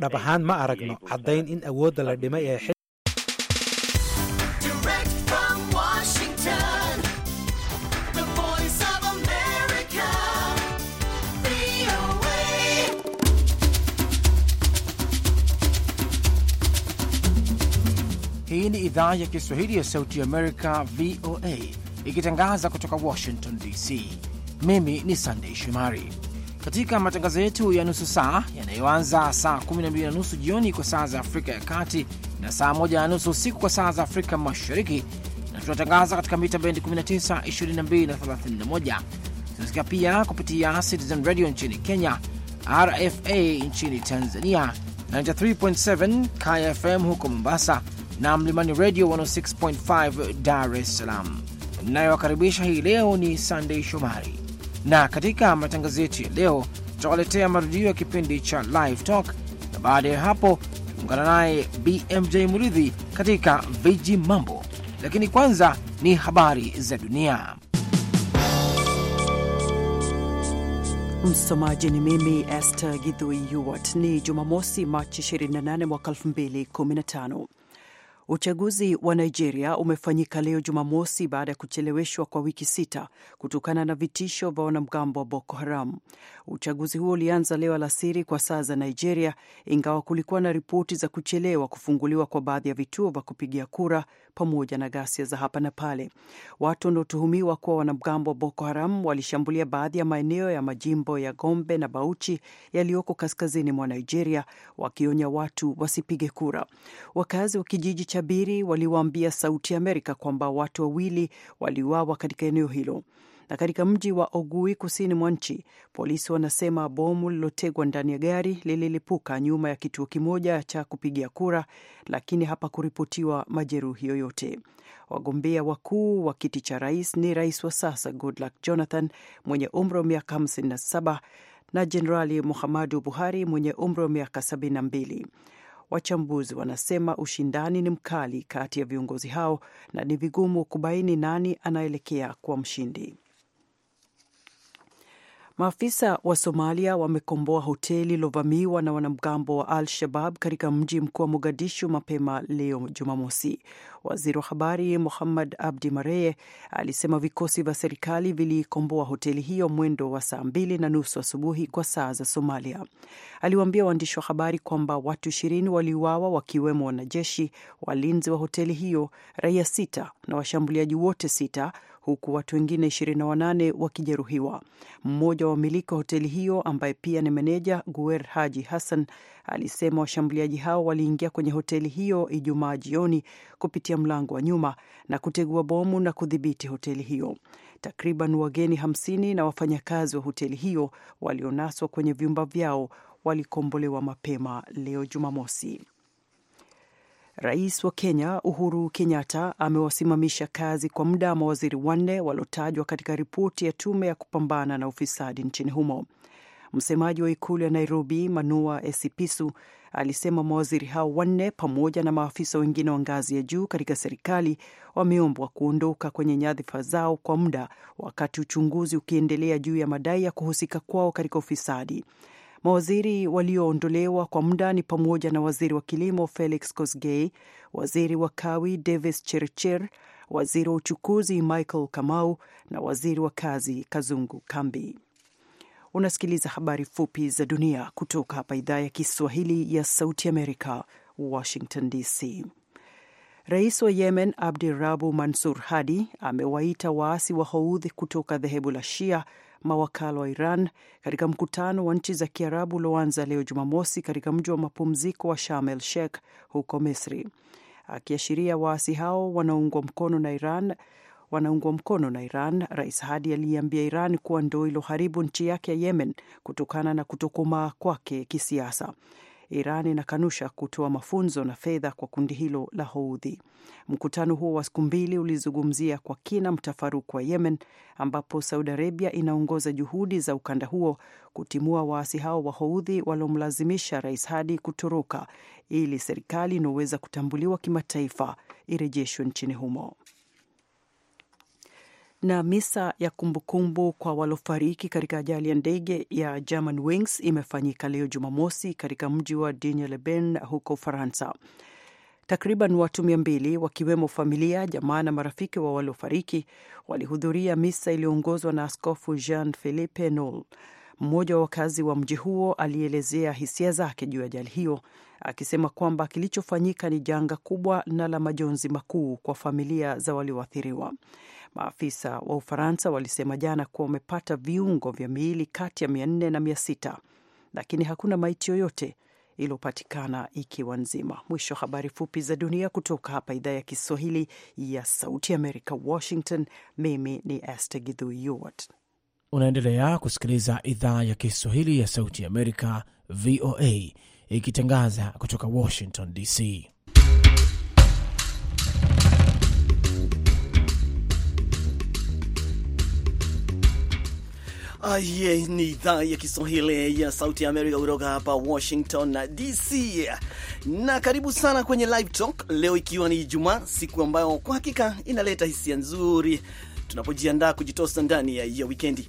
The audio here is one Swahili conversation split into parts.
dhab ahaan ma aragno caddayn in awoodda la dhimay ee Hii ni idhaa ya Kiswahili ya Sauti ya Amerika, VOA, ikitangaza kutoka Washington DC. Mimi ni Sandei Shomari katika matangazo yetu ya nusu saa yanayoanza saa 12 na nusu jioni kwa saa za Afrika ya Kati na saa 1 na nusu usiku kwa saa za Afrika Mashariki, na tunatangaza katika mita bendi 19, 22 na 31. Tunasikia pia kupitia Citizen Radio nchini Kenya, RFA nchini Tanzania, 93.7 KFM huko Mombasa na Mlimani Radio 106.5 Dar es Salaam. Inayowakaribisha hii leo ni Sunday Shomari na katika matangazo yetu ya leo tutawaletea marudio ya kipindi cha Live Talk na baada ya hapo tuungana naye BMJ Muridhi katika Viji Mambo, lakini kwanza ni habari za dunia. Msomaji ni mimi Esther Githui Yuwat. Ni Jumamosi, Machi 28 mwaka 215 Uchaguzi wa Nigeria umefanyika leo Jumamosi baada ya kucheleweshwa kwa wiki sita kutokana na vitisho vya wanamgambo wa Boko Haram. Uchaguzi huo ulianza leo alasiri kwa saa za Nigeria, ingawa kulikuwa na ripoti za kuchelewa kufunguliwa kwa baadhi ya vituo vya kupigia kura pamoja na ghasia za hapa na pale. Watu wanaotuhumiwa kuwa wanamgambo wa Boko Haram walishambulia baadhi ya maeneo ya majimbo ya Gombe na Bauchi yaliyoko kaskazini mwa Nigeria, wakionya watu wasipige kura. Wakazi wa kijiji cha Biri waliwaambia Sauti ya Amerika kwamba watu wawili waliuawa katika eneo hilo na katika mji wa Ogui kusini mwa nchi, polisi wanasema bomu lililotegwa ndani ya gari lililipuka nyuma ya kituo kimoja cha kupigia kura, lakini hapakuripotiwa majeruhi yoyote. Wagombea wakuu wa kiti cha rais ni rais wa sasa Goodluck Jonathan mwenye umri wa miaka 57 na Jenerali Muhammadu Buhari mwenye umri wa miaka 72. Wachambuzi wanasema ushindani ni mkali kati ya viongozi hao na ni vigumu kubaini nani anaelekea kuwa mshindi. Maafisa wa Somalia wamekomboa hoteli iliyovamiwa na wanamgambo wa Al Shabab katika mji mkuu wa Mogadishu mapema leo Jumamosi. Waziri wa habari Muhammad Abdi Mareye alisema vikosi vya serikali vilikomboa hoteli hiyo mwendo wa saa mbili na nusu asubuhi kwa saa za Somalia. Aliwaambia waandishi wa habari kwamba watu ishirini waliuawa wakiwemo wanajeshi, walinzi wa hoteli hiyo, raia sita na washambuliaji wote sita huku watu wengine 28 wakijeruhiwa. Mmoja wa wamiliki wa hoteli hiyo ambaye pia ni meneja Guer Haji Hassan alisema washambuliaji hao waliingia kwenye hoteli hiyo Ijumaa jioni kupitia mlango wa nyuma na kutegua bomu na kudhibiti hoteli hiyo. Takriban wageni 50 na wafanyakazi wa hoteli hiyo walionaswa kwenye vyumba vyao walikombolewa mapema leo Jumamosi. Rais wa Kenya Uhuru Kenyatta amewasimamisha kazi kwa muda mawaziri wanne waliotajwa katika ripoti ya tume ya kupambana na ufisadi nchini humo. Msemaji wa ikulu ya Nairobi, Manua Esipisu, alisema mawaziri hao wanne pamoja na maafisa wengine wa ngazi ya juu katika serikali wameombwa kuondoka kwenye nyadhifa zao kwa muda, wakati uchunguzi ukiendelea juu ya madai ya kuhusika kwao katika ufisadi. Mawaziri walioondolewa kwa muda ni pamoja na waziri wa kilimo Felix kosgey waziri wa kawi Davis Chirchir, waziri wa uchukuzi Michael Kamau na waziri wa kazi Kazungu Kambi. Unasikiliza habari fupi za dunia kutoka hapa idhaa ya Kiswahili ya Sauti Amerika, Washington DC. Rais wa Yemen Abdirabu Mansur Hadi amewaita waasi wa Houdhi kutoka dhehebu la Shia mawakala wa Iran katika mkutano wa nchi za Kiarabu ulioanza leo Jumamosi katika mji wa mapumziko wa Sharm el Sheikh huko Misri, akiashiria waasi hao wanaungwa mkono na Iran wanaungwa mkono na Iran. Rais Hadi aliiambia Iran kuwa ndo iloharibu nchi yake ya Yemen kutokana na kutokomaa kwake kisiasa. Iran inakanusha kutoa mafunzo na fedha kwa kundi hilo la Houthi. Mkutano huo wa siku mbili ulizungumzia kwa kina mtafaruku wa Yemen, ambapo Saudi Arabia inaongoza juhudi za ukanda huo kutimua waasi hao wa Houthi waliomlazimisha Rais Hadi kutoroka ili serikali inaoweza kutambuliwa kimataifa irejeshwe nchini humo. Na misa ya kumbukumbu kwa waliofariki katika ajali ya ndege ya Wings imefanyika leo Jumamosi katika mji wa Digne-les-Bains huko Ufaransa. Takriban watu mia mbili wakiwemo familia, jamaa na marafiki wa waliofariki walihudhuria misa iliyoongozwa na Askofu Jean Philippe Nol. Mmoja wa wakazi wa mji huo alielezea hisia zake juu ya ajali hiyo, akisema kwamba kilichofanyika ni janga kubwa na la majonzi makuu kwa familia za walioathiriwa. Maafisa wa Ufaransa walisema jana kuwa wamepata viungo vya miili kati ya mia nne na mia sita lakini hakuna maiti yoyote iliyopatikana ikiwa nzima. Mwisho wa habari fupi za dunia kutoka hapa idhaa ya Kiswahili ya Sauti Amerika, Washington. Mimi ni Esther Githuiyot. Unaendelea kusikiliza idhaa ya Kiswahili ya Sauti Amerika, VOA, ikitangaza kutoka Washington DC. Aye, ni idhaa ya Kiswahili ya Sauti ya Amerika kutoka hapa Washington DC, na karibu sana kwenye Live Talk leo, ikiwa ni Ijumaa, siku ambayo kwa hakika inaleta hisia nzuri tunapojiandaa kujitosa ndani ya, hiyo wikendi.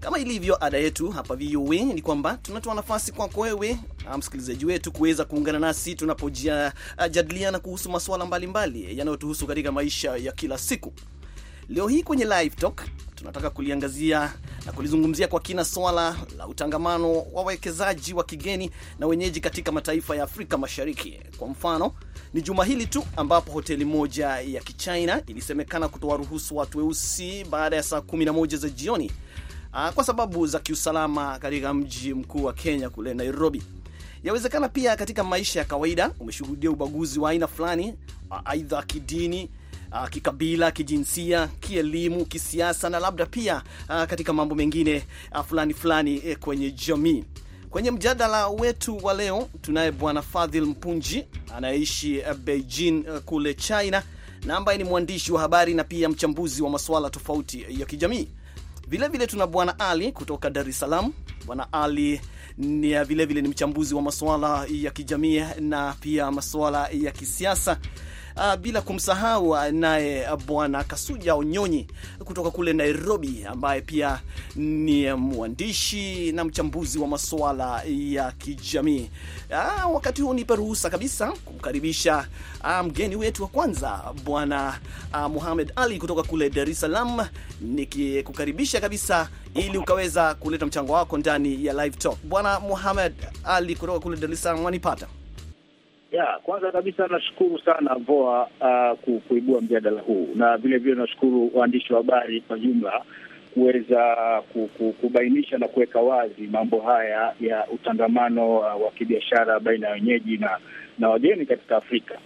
Kama ilivyo ada yetu hapa VOA ni kwamba tunatoa nafasi kwako wewe msikilizaji wetu kuweza kuungana nasi tunapojadiliana ah, kuhusu masuala mbalimbali yanayotuhusu katika maisha ya kila siku. Leo hii kwenye live talk tunataka kuliangazia na kulizungumzia kwa kina swala la utangamano wa wawekezaji wa kigeni na wenyeji katika mataifa ya Afrika Mashariki. Kwa mfano, ni juma hili tu ambapo hoteli moja ya Kichina ilisemekana kutowaruhusu watu weusi baada ya saa 11 za jioni ah, kwa sababu za kiusalama katika mji mkuu wa Kenya kule Nairobi. Yawezekana pia katika maisha ya kawaida umeshuhudia ubaguzi wa aina fulani, ah, aidha kidini uh, kikabila, kijinsia, kielimu, kisiasa na labda pia uh, katika mambo mengine uh, fulani fulani eh, kwenye jamii. Kwenye mjadala wetu wa leo tunaye bwana Fadhil Mpunji anayeishi eh, Beijing uh, kule China na ambaye ni mwandishi wa habari na pia mchambuzi wa masuala tofauti ya kijamii. Vilevile tuna bwana Ali kutoka Dar es Salaam. Bwana Ali ni vilevile eh, vile ni mchambuzi wa masuala ya kijamii na pia masuala ya kisiasa uh, bila kumsahau naye ah, bwana Kasuja Onyonyi kutoka kule Nairobi, ambaye pia ni mwandishi na mchambuzi wa masuala ya kijamii. Uh, wakati huu nipe ruhusa kabisa kumkaribisha uh, mgeni wetu wa kwanza bwana uh, Muhamed Ali kutoka kule Dar es Salaam, nikikukaribisha kabisa ili ukaweza kuleta mchango wako ndani ya live talk. Bwana Muhamed Ali kutoka kule Dar es Salaam, wanipata? ya kwanza kabisa nashukuru sana VOA uh, kuibua mjadala huu na vilevile nashukuru waandishi wa habari kwa jumla kuweza kubainisha na kuweka wazi mambo haya ya utangamano uh, wa kibiashara baina ya wenyeji na, na wageni katika Afrika,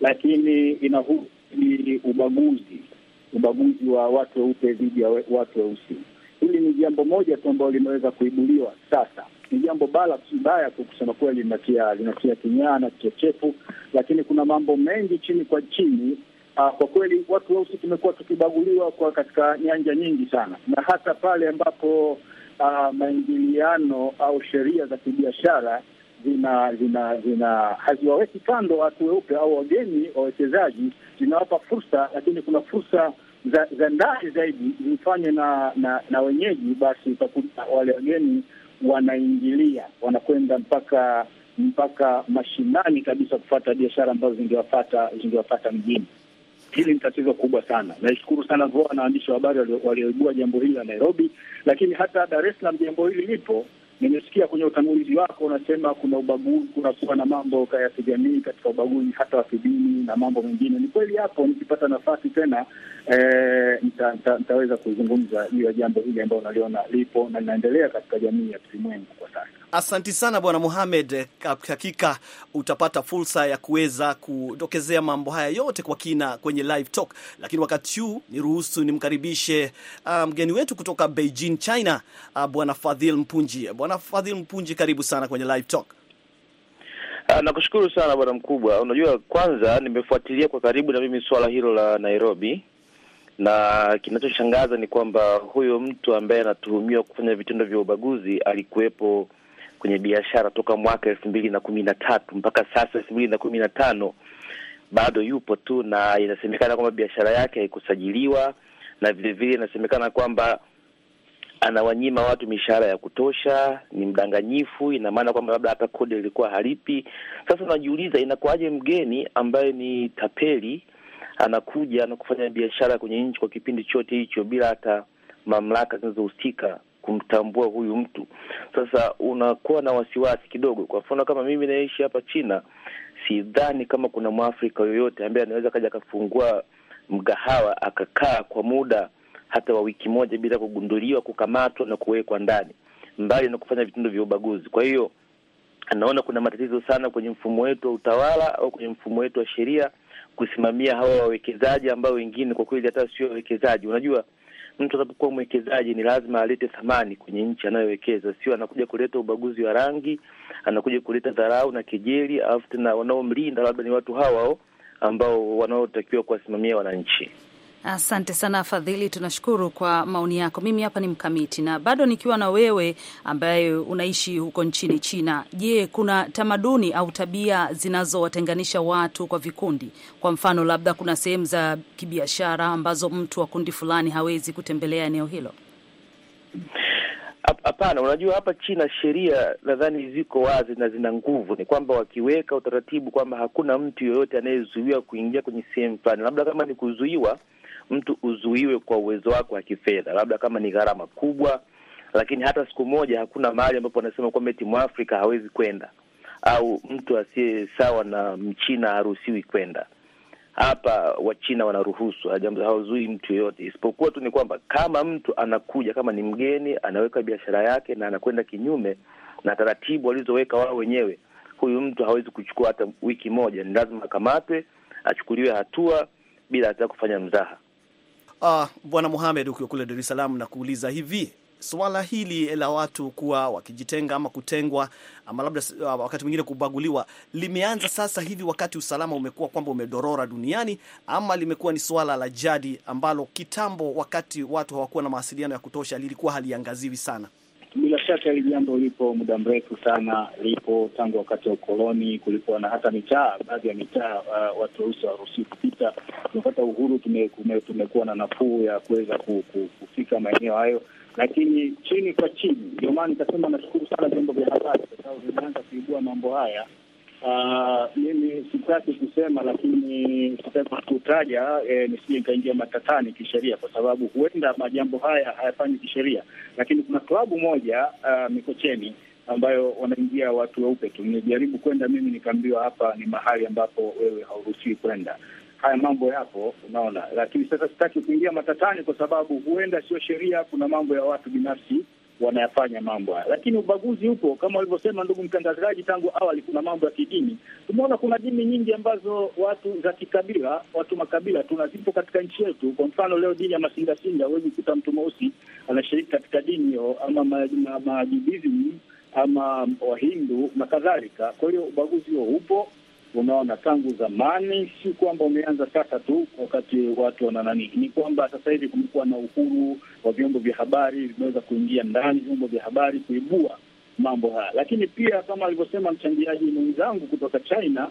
lakini inahusu ubaguzi, ubaguzi wa watu weupe dhidi ya watu weusi. Hili ni jambo moja tu ambalo limeweza kuibuliwa sasa ni jambo bala mbaya kwa kusema kweli, linatia linatia kinyaa na kichefu, lakini kuna mambo mengi chini kwa chini. Uh, kwa kweli watu weusi tumekuwa tukibaguliwa kwa katika nyanja nyingi sana, na hata pale ambapo ah, maingiliano au sheria za kibiashara zina zina zina haziwaweki kando watu weupe au wageni wawekezaji, zinawapa fursa, lakini kuna fursa za, za ndani zaidi zifanywe na, na na wenyeji, basi utakuta wale wageni wanaingilia, wanakwenda mpaka mpaka mashinani kabisa kufata biashara ambazo zingewafata zingewafata mjini. Hili ni tatizo kubwa sana. Naishukuru sana VOA na waandishi wa habari walioibua jambo hili la Nairobi, lakini hata Dar es Salaam jambo hili lipo Nimesikia kwenye utangulizi wako unasema kuna ubaguzi, kuwa na mambo ya kijamii katika ubaguzi hata wa kidini na mambo mengine. Ni kweli hapo, nikipata nafasi tena eh, nitaweza e, kuzungumza juu ya jambo hili ambayo unaliona lipo na linaendelea katika jamii ya kilimwengu kwa sasa. Asanti sana Bwana Muhamed, hakika utapata fursa ya kuweza kutokezea mambo haya yote kwa kina kwenye live talk, lakini wakati huu niruhusu nimkaribishe ah, mgeni um, wetu kutoka Beijing, China, uh, Bwana Fadhil Mpunji. Bwana Fadhil Mpunji, karibu sana kwenye live talk. Ah, nakushukuru sana bwana mkubwa. Unajua, kwanza nimefuatilia kwa karibu na mimi suala hilo la Nairobi, na kinachoshangaza ni kwamba huyo mtu ambaye anatuhumiwa kufanya vitendo vya ubaguzi alikuwepo kwenye biashara toka mwaka elfu mbili na kumi na tatu mpaka sasa elfu mbili na kumi na tano bado yupo tu, na inasemekana kwamba biashara yake haikusajiliwa, na vilevile inasemekana kwamba anawanyima watu mishahara ya kutosha, ni mdanganyifu. Ina maana kwamba labda hata kodi ilikuwa halipi. Sasa unajiuliza inakuwaje mgeni ambaye ni tapeli anakuja na kufanya biashara kwenye nchi kwa kipindi chote hicho bila hata mamlaka zinazohusika kumtambua huyu mtu. Sasa unakuwa na wasiwasi kidogo. Kwa mfano kama mimi naishi hapa China, sidhani kama kuna mwafrika yoyote ambaye anaweza kaja akafungua mgahawa akakaa kwa muda hata wa wiki moja bila kugunduliwa, kukamatwa na kuwekwa ndani, mbali na kufanya vitendo vya ubaguzi. Kwa hiyo anaona kuna matatizo sana kwenye mfumo wetu wa utawala au kwenye mfumo wetu wa sheria kusimamia hawa wawekezaji ambao wengine kwa kweli hata sio wawekezaji. Unajua, mtu anapokuwa mwekezaji ni lazima alete thamani kwenye nchi anayowekeza, sio anakuja kuleta ubaguzi wa rangi, anakuja kuleta dharau na kejeli, alafu tena wanaomlinda labda ni watu hawao ambao wanaotakiwa kuwasimamia wananchi. Asante sana Fadhili, tunashukuru kwa maoni yako. Mimi hapa ni Mkamiti na bado nikiwa na wewe ambaye unaishi huko nchini China. Je, kuna tamaduni au tabia zinazowatenganisha watu kwa vikundi? Kwa mfano, labda kuna sehemu za kibiashara ambazo mtu wa kundi fulani hawezi kutembelea eneo hilo? Hapana, unajua hapa China sheria nadhani ziko wazi na zina nguvu. Ni kwamba wakiweka utaratibu kwamba hakuna mtu yoyote anayezuiwa kuingia kwenye sehemu fulani, labda kama ni kuzuiwa mtu uzuiwe kwa uwezo wako wa kifedha, labda kama ni gharama kubwa. Lakini hata siku moja hakuna mahali ambapo anasema kwamba eti mwafrika hawezi kwenda au mtu asiye sawa na mchina haruhusiwi kwenda. Hapa wachina wanaruhusu, hawazui mtu yoyote isipokuwa tu ni kwamba kama mtu anakuja kama ni mgeni, anaweka biashara yake na anakwenda kinyume na taratibu walizoweka wao wenyewe, huyu mtu hawezi kuchukua hata wiki moja, ni lazima akamatwe, achukuliwe hatua bila hata kufanya mzaha. Uh, Bwana muhamed ukiwa kule Dar es Salaam, na kuuliza hivi swala hili la watu kuwa wakijitenga ama kutengwa ama labda ah, wakati mwingine kubaguliwa limeanza sasa hivi wakati usalama umekuwa kwamba umedorora duniani, ama limekuwa ni swala la jadi ambalo kitambo, wakati watu hawakuwa na mawasiliano ya kutosha, lilikuwa haliangaziwi sana? shaka hili jambo lipo muda mrefu sana, lipo tangu wakati wa ukoloni. Kulikuwa na hata mitaa, baadhi ya mitaa uh, watu weusi hawaruhusiwi kupita. Tumepata uhuru, tumekuwa tume, na nafuu ya kuweza kufika maeneo hayo, lakini chini kwa chini. Ndio maana nikasema nashukuru sana vyombo vya habari kwa sababu vimeanza kuibua mambo haya Ah, mimi sitaki kusema, lakini sitaki kutaja eh, nisije nikaingia matatani kisheria, kwa sababu huenda majambo haya hayafanyi kisheria, lakini kuna klabu moja uh, Mikocheni ambayo wanaingia watu weupe tu. Nimejaribu kwenda mimi, nikaambiwa hapa ni mahali ambapo wewe hauruhusiwi kwenda. Haya mambo yapo, unaona. Lakini sasa sitaki kuingia matatani, kwa sababu huenda sio sheria, kuna mambo ya watu binafsi wanayafanya mambo haya, lakini ubaguzi upo kama walivyosema ndugu mtangazaji. Tangu awali kuna mambo ya kidini, tumeona kuna dini nyingi ambazo watu za kikabila, watu makabila tunazipo katika nchi yetu. Kwa mfano leo dini ya Masingasinga, huwezi kuta mtu mweusi anashiriki katika dini hiyo, ama majibizimu ma, ma, ama um, Wahindu na kadhalika. Kwa hiyo ubaguzi huo upo Unaona, tangu zamani, si kwamba umeanza sasa tu wakati watu wana nani, ni kwamba sasa hivi kumekuwa na uhuru wa vyombo vya habari, vimeweza kuingia ndani vyombo vya habari kuibua mambo haya, lakini pia kama alivyosema mchangiaji mwenzangu kutoka China,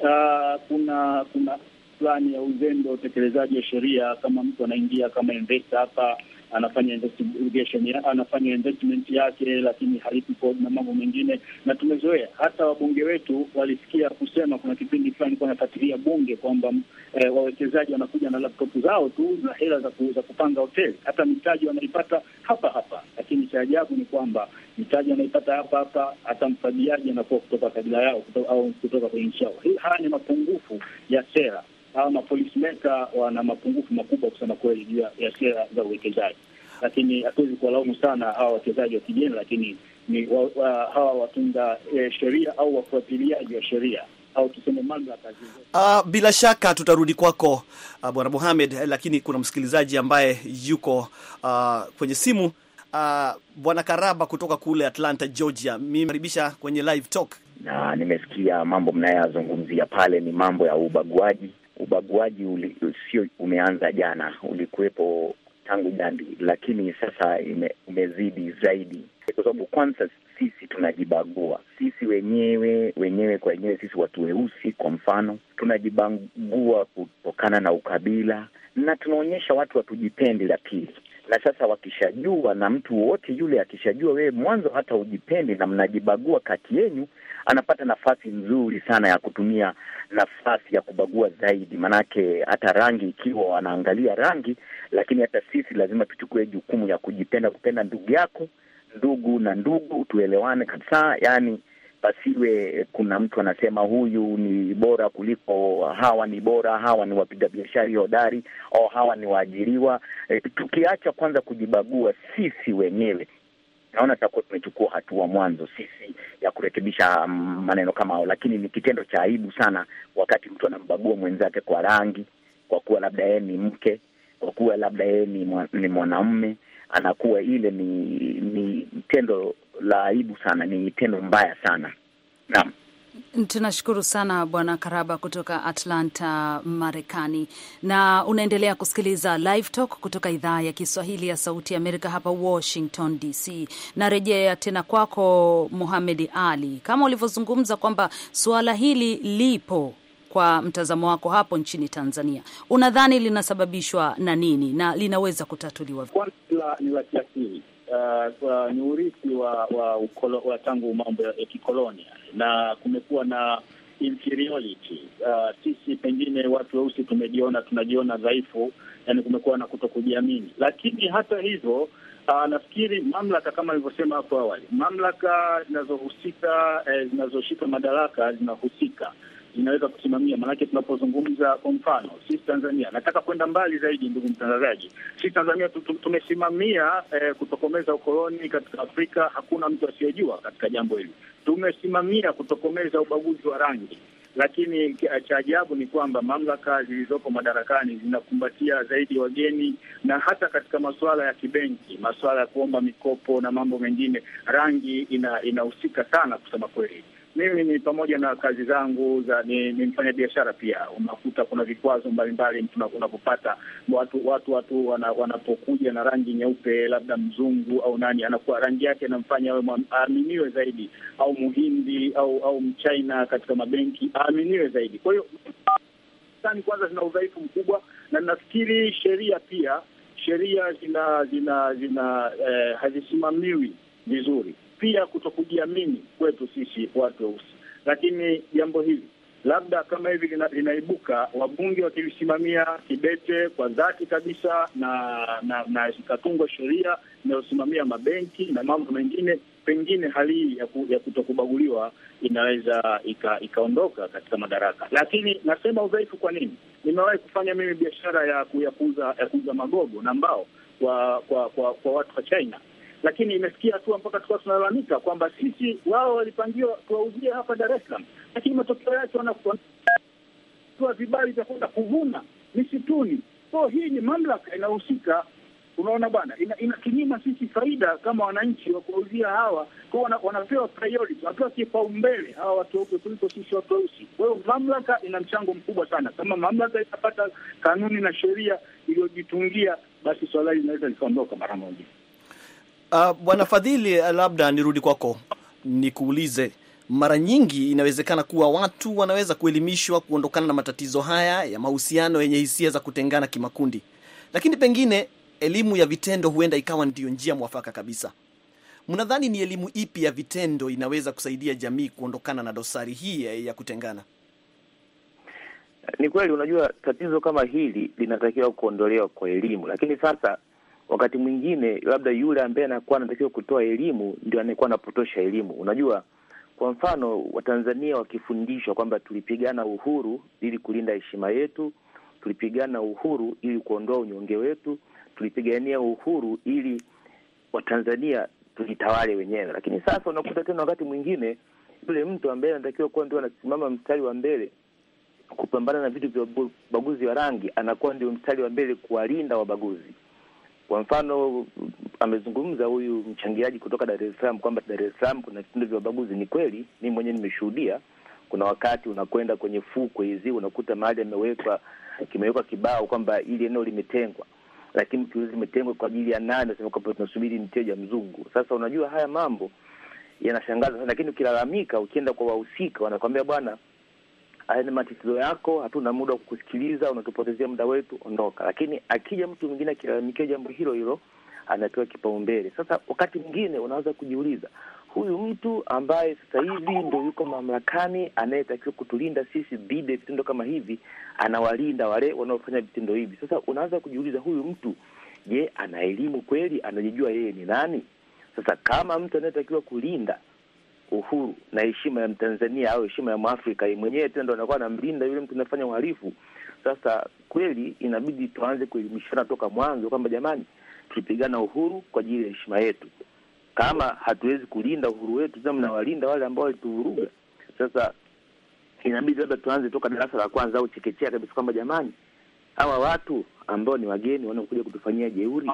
uh, kuna kuna plani ya uzembe wa utekelezaji wa sheria. Kama mtu anaingia kama investor hapa anafanya investigation, anafanya investment yake, lakini halipi kodi na mambo mengine. Na tumezoea hata wabunge wetu walisikia kusema, kuna kipindi fulani kuwa nafuatilia bunge kwamba e, wawekezaji wanakuja na laptop zao tu na hela za kuuza kupanga hoteli, hata mitaji wanaipata hapa hapa. Lakini cha ajabu ni kwamba mitaji wanaipata hapa hapa, hata mfadiaji anakuwa kutoka kabila yao au kutoka kwenye nchi yao. Haya ni mapungufu ya sera hawa mapolisi meka wana mapungufu makubwa kusema kweli juu ya sera za uwekezaji, lakini hatuwezi kuwalaumu sana hawa wachezaji wa kigeni, lakini ni wa, wa, hawa watunga eh, sheria au wafuatiliaji wa sheria au tuseme mamlaka. Uh, bila shaka tutarudi kwako uh, Bwana Mohamed, eh, lakini kuna msikilizaji ambaye yuko uh, kwenye simu Uh, Bwana Karaba kutoka kule Atlanta, Georgia, mimi karibisha kwenye live talk. Na nimesikia mambo mnayazungumzia pale ni mambo ya ubaguaji ubaguaji uli, sio umeanza jana, ulikuwepo tangu jandi lakini sasa ime, umezidi zaidi, kwa sababu kwanza sisi tunajibagua sisi wenyewe wenyewe kwa wenyewe, sisi watu weusi kwa mfano, tunajibagua kutokana na ukabila na tunaonyesha watu hatujipendi. La pili na sasa wakishajua, na mtu wowote yule akishajua wewe mwanzo hata ujipendi na mnajibagua kati yenyu, anapata nafasi nzuri sana ya kutumia nafasi ya kubagua zaidi. Manake hata rangi, ikiwa wanaangalia rangi, lakini hata sisi lazima tuchukue jukumu ya kujipenda, kupenda ndugu yako, ndugu na ndugu, tuelewane kabisa, yani pasiwe kuna mtu anasema huyu ni bora kuliko hawa, ni bora hawa, ni wapiga biashara hodari au hawa ni waajiriwa. E, tukiacha kwanza kujibagua sisi wenyewe naona tutakuwa tumechukua hatua mwanzo sisi ya kurekebisha mm, maneno kama hao, lakini ni kitendo cha aibu sana wakati mtu anambagua mwenzake kwa rangi, kwa kuwa labda yeye ni mke, kwa kuwa labda yeye ni mwanaume, anakuwa ile ni ni tendo la aibu sana, ni tendo mbaya sana. Naam. Tunashukuru sana Bwana Karaba kutoka Atlanta, Marekani, na unaendelea kusikiliza Live Talk kutoka idhaa ya Kiswahili ya Sauti ya Amerika hapa Washington DC. Narejea tena kwako Muhamedi Ali, kama ulivyozungumza kwamba suala hili lipo kwa mtazamo wako hapo nchini Tanzania, unadhani linasababishwa na nini na linaweza kutatuliwa? Kwanza ni la kiasili uh, ni urithi wa, wa, ukolo, wa tangu mambo ya kikoloni na kumekuwa na inferiority uh, sisi pengine watu weusi tumejiona tunajiona dhaifu, yani kumekuwa na kuto kujiamini. Lakini hata hivyo uh, nafikiri mamlaka kama alivyosema hapo awali, mamlaka zinazohusika eh, zinazoshika madaraka zinahusika inaweza kusimamia. Maanake tunapozungumza kwa mfano, sisi Tanzania, nataka kwenda mbali zaidi, ndugu mtangazaji, sisi Tanzania tumesimamia eh, kutokomeza ukoloni katika Afrika. Hakuna mtu asiyejua katika jambo hili, tumesimamia kutokomeza ubaguzi wa rangi lakini cha ajabu ni kwamba mamlaka zilizoko madarakani zinakumbatia zaidi wageni, na hata katika masuala ya kibenki, masuala ya kuomba mikopo na mambo mengine, rangi inahusika ina sana, kusema kweli mimi ni pamoja na kazi zangu za ni, ni mfanya biashara pia. Unakuta kuna vikwazo mbalimbali mtu unapopata watu watu watu wana, wanapokuja na rangi nyeupe, labda mzungu au nani, anakuwa rangi yake anamfanya awe aaminiwe zaidi, au muhindi au au mchina katika mabenki aaminiwe zaidi. Kwa hiyo sani kwanza zina udhaifu mkubwa, na nafikiri sheria pia sheria zina zina, zina eh, hazisimamiwi vizuri pia kutokujiamini kwetu sisi watu weusi. Lakini jambo hili labda kama hivi lina, linaibuka wabunge wakilisimamia kibete kwa dhati kabisa, na na, na ikatungwa sheria inayosimamia mabenki na mambo mengine, pengine hali hii ya kutokubaguliwa inaweza ika, ikaondoka katika madaraka. Lakini nasema udhaifu. Kwa nini? Nimewahi kufanya mimi biashara ya kuuza ya kuuza magogo na mbao kwa kwa, kwa, kwa watu wa China lakini imefikia hatua mpaka tukawa tunalalamika kwamba sisi wao walipangiwa tuwauzie hapa Dar es Salaam, lakini matokeo yake wanatoa vibali vya kwenda kuvuna misituni. So hii ni mamlaka inahusika, unaona bwana, ina, ina sisi faida kama wananchi wa kuwauzia hawa kwa wana, wanapewa priority, wanapewa kipaumbele hawa watu weupe kuliko sisi watu weusi. Kwa hiyo mamlaka ina mchango mkubwa sana. Kama mamlaka itapata kanuni na sheria iliyojitungia, basi swala hili linaweza likaondoka mara moja. Uh, Bwana Fadhili, ah, labda nirudi kwako nikuulize, mara nyingi inawezekana kuwa watu wanaweza kuelimishwa kuondokana na matatizo haya ya mahusiano yenye hisia za kutengana kimakundi, lakini pengine elimu ya vitendo huenda ikawa ndiyo njia mwafaka kabisa. Mnadhani ni elimu ipi ya vitendo inaweza kusaidia jamii kuondokana na dosari hii ya kutengana? Ni kweli, unajua tatizo kama hili linatakiwa kuondolewa kwa elimu, lakini sasa wakati mwingine labda yule ambaye anakuwa anatakiwa kutoa elimu ndio anaekuwa anapotosha elimu. Unajua, kwa mfano Watanzania wakifundishwa kwamba tulipigana uhuru ili kulinda heshima yetu, tulipigana uhuru ili kuondoa unyonge wetu, tulipigania uhuru ili Watanzania tujitawale wenyewe. Lakini sasa unakuta tena wakati mwingine yule mtu ambaye anatakiwa kuwa ndio anasimama mstari wa mbele kupambana na vitu vya ubaguzi wa rangi anakuwa ndio mstari wa mbele kuwalinda wabaguzi. Kwa mfano amezungumza huyu mchangiaji kutoka Dar es Salaam kwamba Dar es Salaam kuna vitendo vya ubaguzi. Ni kweli, mimi mwenyewe nimeshuhudia. Kuna wakati unakwenda kwenye fukwe hizi unakuta mahali amewekwa kimewekwa kibao kwamba ili eneo limetengwa, lakini kiuzi limetengwa kwa ajili ya nani? Nasema kwamba tunasubiri mteja mzungu. Sasa unajua haya mambo yanashangaza sana, lakini ukilalamika, ukienda kwa wahusika, wanakwambia bwana haya ni matatizo yako, hatuna muda wa kukusikiliza, unatupotezea muda wetu, ondoka. Lakini akija mtu mwingine akilalamikia jambo hilo hilo, anapewa kipaumbele. Sasa wakati mwingine unaweza kujiuliza, huyu mtu ambaye sasa hivi ndo yuko mamlakani, anayetakiwa kutulinda sisi dhidi ya vitendo kama hivi, anawalinda wale wanaofanya vitendo hivi. Sasa unaweza kujiuliza, huyu mtu je, ana elimu kweli? Anajijua yeye ni nani? Sasa kama mtu anayetakiwa kulinda uhuru na heshima ya Mtanzania au heshima ya Mwafrika, mwenyewe tena ndo anakuwa anamlinda yule mtu anafanya uhalifu. Sasa kweli inabidi tuanze kuelimishana toka mwanzo kwamba jamani, tulipigana uhuru kwa ajili ya heshima yetu. Kama hatuwezi kulinda uhuru wetu, sasa mnawalinda wale ambao walituvuruga. Sasa inabidi labda tuanze toka darasa la kwanza au chekechea kabisa kwamba jamani hawa watu ambao ni wageni wanaokuja kutufanyia jeuri,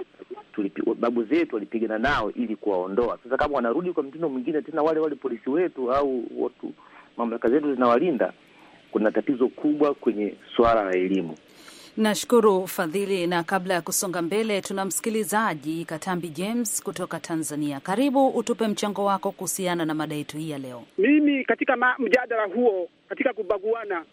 babu zetu walipigana nao ili kuwaondoa. Sasa kama wanarudi kwa mtindo mwingine tena, wale wale polisi wetu au watu mamlaka zetu zinawalinda, kuna tatizo kubwa kwenye suala la elimu. Nashukuru Fadhili, na kabla ya kusonga mbele, tuna msikilizaji Katambi James kutoka Tanzania. Karibu, utupe mchango wako kuhusiana na mada yetu hii ya leo. Mimi katika mjadala huo, katika kubaguana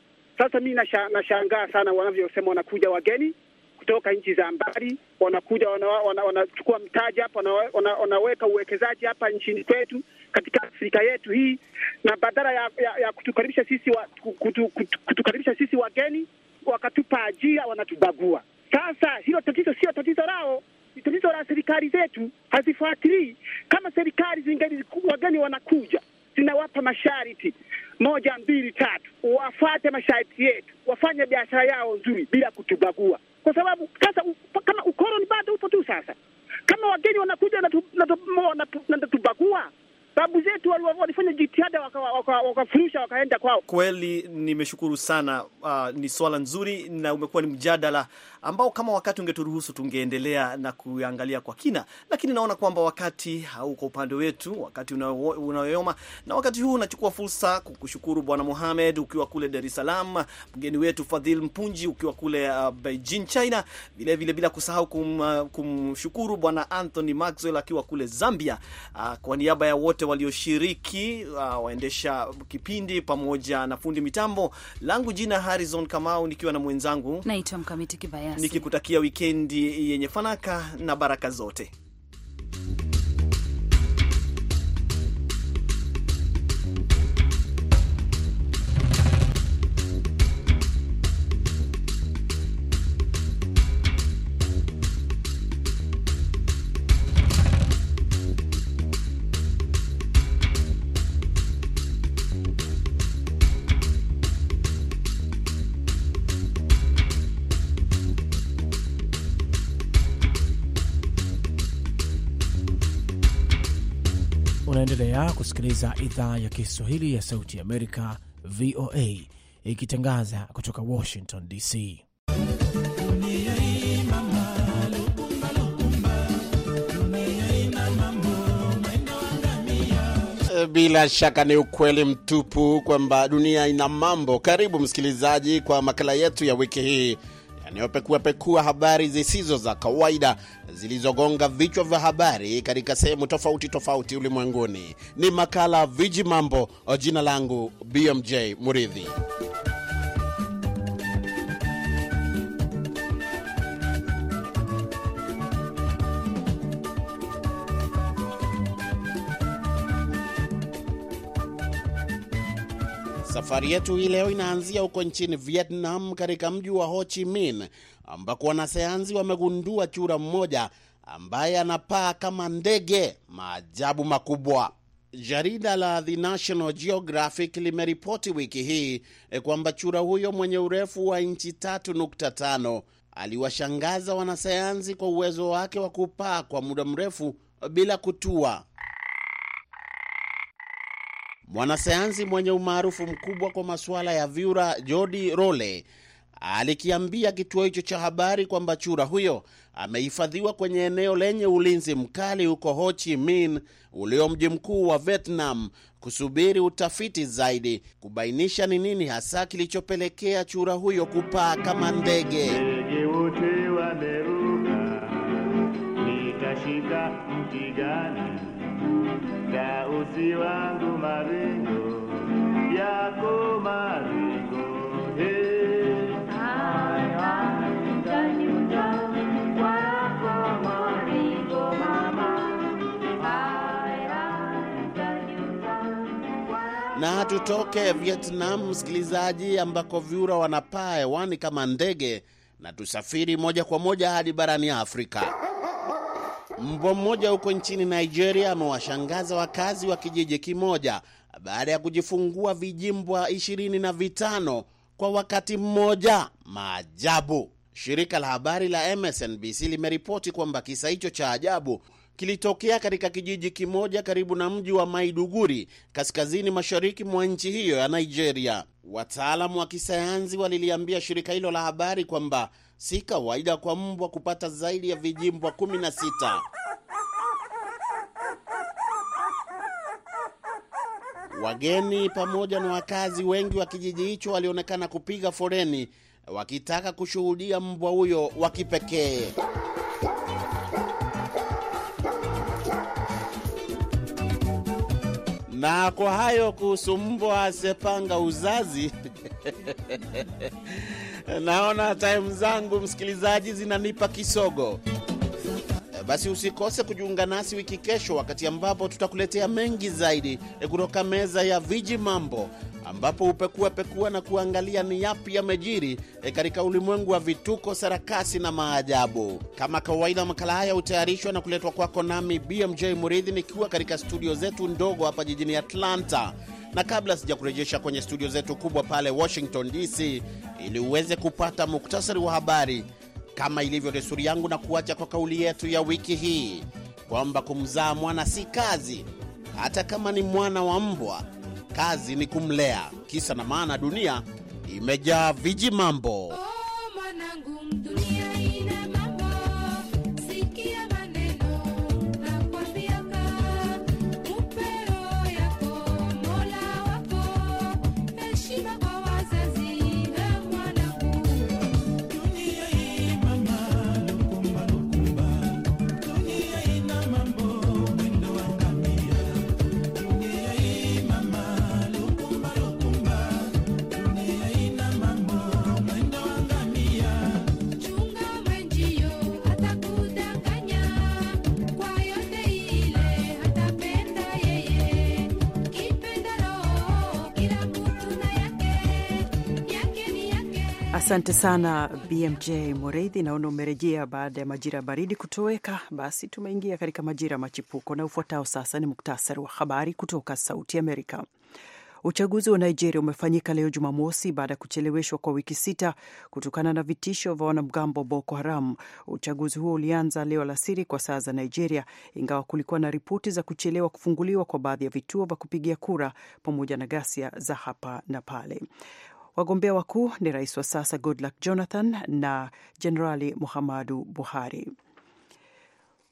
sasa mi nasha, nashangaa sana wanavyosema wanakuja wageni kutoka nchi za mbali, wanakuja wanachukua wana, wana, mtaji hapa wana, wanaweka uwekezaji hapa nchini kwetu katika Afrika yetu hii, na badala ya, ya, ya kutukaribisha sisi wa, kutu, kutu, kutukaribisha sisi wageni wakatupa ajira wanatubagua. Sasa hilo tatizo sio tatizo lao, ni tatizo la serikali zetu, hazifuatilii. Kama serikali zingine, wageni wanakuja tunawapa masharti moja, mbili, tatu, wafate masharti yetu, wafanye biashara yao nzuri bila kutubagua. wakafurusha wakaenda kwao. Kweli nimeshukuru sana. Uh, ni swala nzuri na umekuwa ni mjadala ambao kama wakati ungeturuhusu tungeendelea na kuangalia kwa kina, lakini naona kwamba wakati hauko upande wetu, wakati unayoyoma, na wakati huu unachukua fursa kukushukuru Bwana Mohamed ukiwa kule Dar es Salaam, mgeni wetu Fadhil Mpunji ukiwa kule uh, Beijing, China, vilevile bila kusahau kum, uh, kumshukuru Bwana Anthony Maxwell akiwa kule Zambia, uh, kwa niaba ya wote walioshiriki uh, waendesha kipindi pamoja na fundi mitambo langu jina Harrison Kamau, nikiwa na mwenzangu naitwa Mkamiti Kibayasi, nikikutakia wikendi yenye fanaka na baraka zote. Unaendelea kusikiliza idhaa ya Kiswahili ya Sauti Amerika, VOA, ikitangaza kutoka Washington DC. Bila shaka ni ukweli mtupu kwamba dunia ina mambo. Karibu msikilizaji, kwa makala yetu ya wiki hii yanayopekuapekua habari zisizo za kawaida zilizogonga vichwa vya habari katika sehemu tofauti tofauti ulimwenguni. Ni makala Viji Mambo. Jina langu BMJ Muridhi. Safari yetu hii leo inaanzia huko nchini Vietnam, katika mji wa Ho Chi Minh ambako wanasayansi wamegundua chura mmoja ambaye anapaa kama ndege. Maajabu makubwa. Jarida la The National Geographic limeripoti wiki hii eh, kwamba chura huyo mwenye urefu wa inchi 3.5 aliwashangaza wanasayansi kwa uwezo wake wa kupaa kwa muda mrefu bila kutua. Mwanasayansi mwenye umaarufu mkubwa kwa masuala ya vyura Jody Role alikiambia kituo hicho cha habari kwamba chura huyo amehifadhiwa kwenye eneo lenye ulinzi mkali huko Ho Chi Minh ulio mji mkuu wa Vietnam kusubiri utafiti zaidi kubainisha ni nini hasa kilichopelekea chura huyo kupaa kama ndege. Ndege wote wameruka, nitashika mti gani? katika uzi wangu maringo yako maringo eh. Na tutoke Vietnam, msikilizaji, ambako vyura wanapaa hewani kama ndege, na tusafiri moja kwa moja hadi barani Afrika. Mbwa mmoja huko nchini Nigeria amewashangaza wakazi wa kijiji kimoja baada ya kujifungua vijimbwa ishirini na vitano kwa wakati mmoja. Maajabu! Shirika la habari la MSNBC limeripoti kwamba kisa hicho cha ajabu kilitokea katika kijiji kimoja karibu na mji wa Maiduguri kaskazini mashariki mwa nchi hiyo ya Nigeria. Wataalamu wa kisayansi waliliambia shirika hilo la habari kwamba Si kawaida kwa mbwa kupata zaidi ya vijimbwa 16. Wageni pamoja na wakazi wengi wa kijiji hicho walionekana kupiga foleni wakitaka kushuhudia mbwa huyo wa kipekee. Na kwa hayo kuhusu mbwa asiyepanga uzazi Naona taimu zangu msikilizaji zinanipa kisogo. Eh, basi usikose kujiunga nasi wiki kesho, wakati ambapo tutakuletea mengi zaidi eh, kutoka meza ya viji mambo, ambapo upekua pekua na kuangalia ni yapi yamejiri e katika ulimwengu wa vituko, sarakasi na maajabu. Kama kawaida, makala haya hutayarishwa na kuletwa kwako nami BMJ Muridhi, nikiwa katika studio zetu ndogo hapa jijini Atlanta na kabla sijakurejesha kwenye studio zetu kubwa pale Washington DC, ili uweze kupata muktasari wa habari, kama ilivyo desturi yangu, na kuacha kwa kauli yetu ya wiki hii kwamba kumzaa mwana si kazi, hata kama ni mwana wa mbwa. Kazi ni kumlea. Kisa na maana, dunia imejaa viji mambo. Asante sana BMJ Mureithi, naona umerejea baada ya majira ya baridi kutoweka. Basi tumeingia katika majira ya machipuko, na ufuatao sasa ni muktasari wa habari kutoka Sauti Amerika. Uchaguzi wa Nigeria umefanyika leo Jumamosi baada ya kucheleweshwa kwa wiki sita kutokana na vitisho vya wanamgambo Boko Haram. Uchaguzi huo ulianza leo alasiri kwa saa za Nigeria, ingawa kulikuwa na ripoti za kuchelewa kufunguliwa kwa baadhi ya vituo vya kupigia kura pamoja na ghasia za hapa na pale. Wagombea wakuu ni rais wa sasa Goodluck Jonathan na Jenerali Muhammadu Buhari.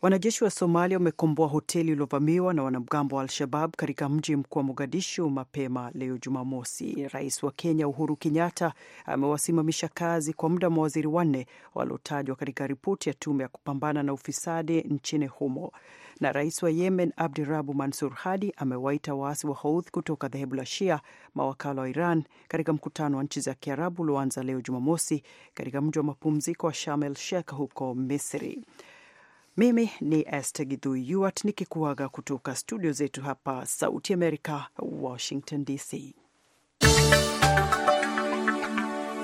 Wanajeshi wa Somalia wamekomboa hoteli iliyovamiwa na wanamgambo wa Al-Shabab katika mji mkuu wa Mogadishu mapema leo Jumamosi. Rais wa Kenya Uhuru Kenyatta amewasimamisha kazi kwa muda mawaziri wanne waliotajwa katika ripoti ya tume ya kupambana na ufisadi nchini humo na rais wa Yemen Abdirabu Mansur Hadi amewaita waasi wa Houth kutoka dhehebu la Shia mawakala wa Iran katika mkutano wa nchi za Kiarabu ulioanza leo Jumamosi katika mji wa mapumziko wa Sharm el Sheikh huko Misri. Mimi ni Esther Githui Yuart nikikuaga kutoka studio zetu hapa Sauti Amerika, Washington DC.